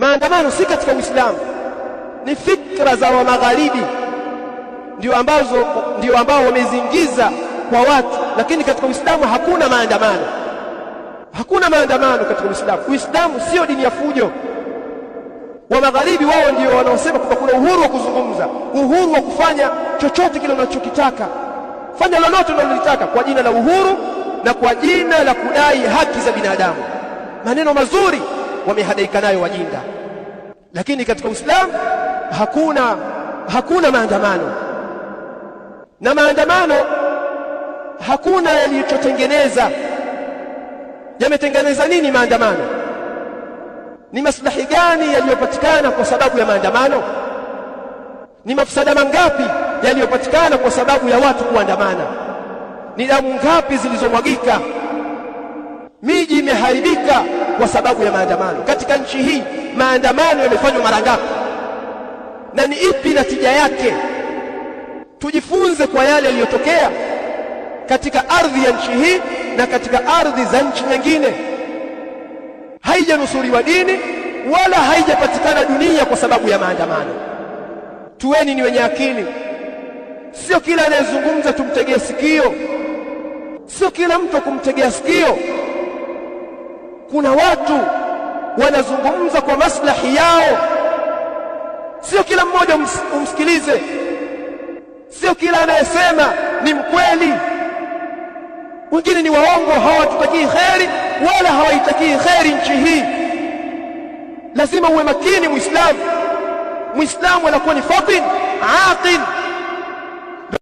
Maandamano si katika Uislamu, ni fikra za wa magharibi ndio ambazo ndio ambao wameziingiza kwa watu, lakini katika Uislamu hakuna maandamano, hakuna maandamano katika Uislamu. Uislamu sio dini ya fujo. Wa magharibi wao ndio wanaosema kwamba kuna uhuru wa kuzungumza, uhuru wa kufanya chochote kile unachokitaka, fanya lolote unalolitaka kwa jina la uhuru na kwa jina la kudai haki za binadamu, maneno mazuri wamehadaika nayo wajinga. Lakini katika Uislamu hakuna, hakuna maandamano na maandamano hakuna yalichotengeneza. Yametengeneza nini maandamano? Ni maslahi gani yaliyopatikana kwa sababu ya maandamano? Ni mafsada mangapi yaliyopatikana kwa sababu ya watu kuandamana? Ni damu ngapi zilizomwagika Miji imeharibika kwa sababu ya maandamano. Katika nchi hii maandamano yamefanywa mara ngapi na ni ipi natija yake? Tujifunze kwa yale yaliyotokea katika ardhi ya nchi hii na katika ardhi za nchi nyingine. Haijanusuriwa dini wala haijapatikana dunia kwa sababu ya maandamano. Tuweni ni wenye akili, sio kila anayezungumza tumtegee sikio, sio kila mtu kumtegea sikio. Kuna watu wanazungumza kwa maslahi yao, sio kila mmoja umsikilize, sio kila anayesema ni mkweli. Wengine ni waongo, hawatutakii kheri wala hawaitakii kheri nchi hii. Lazima uwe makini, Mwislamu. Mwislamu anakuwa ni fatin aqil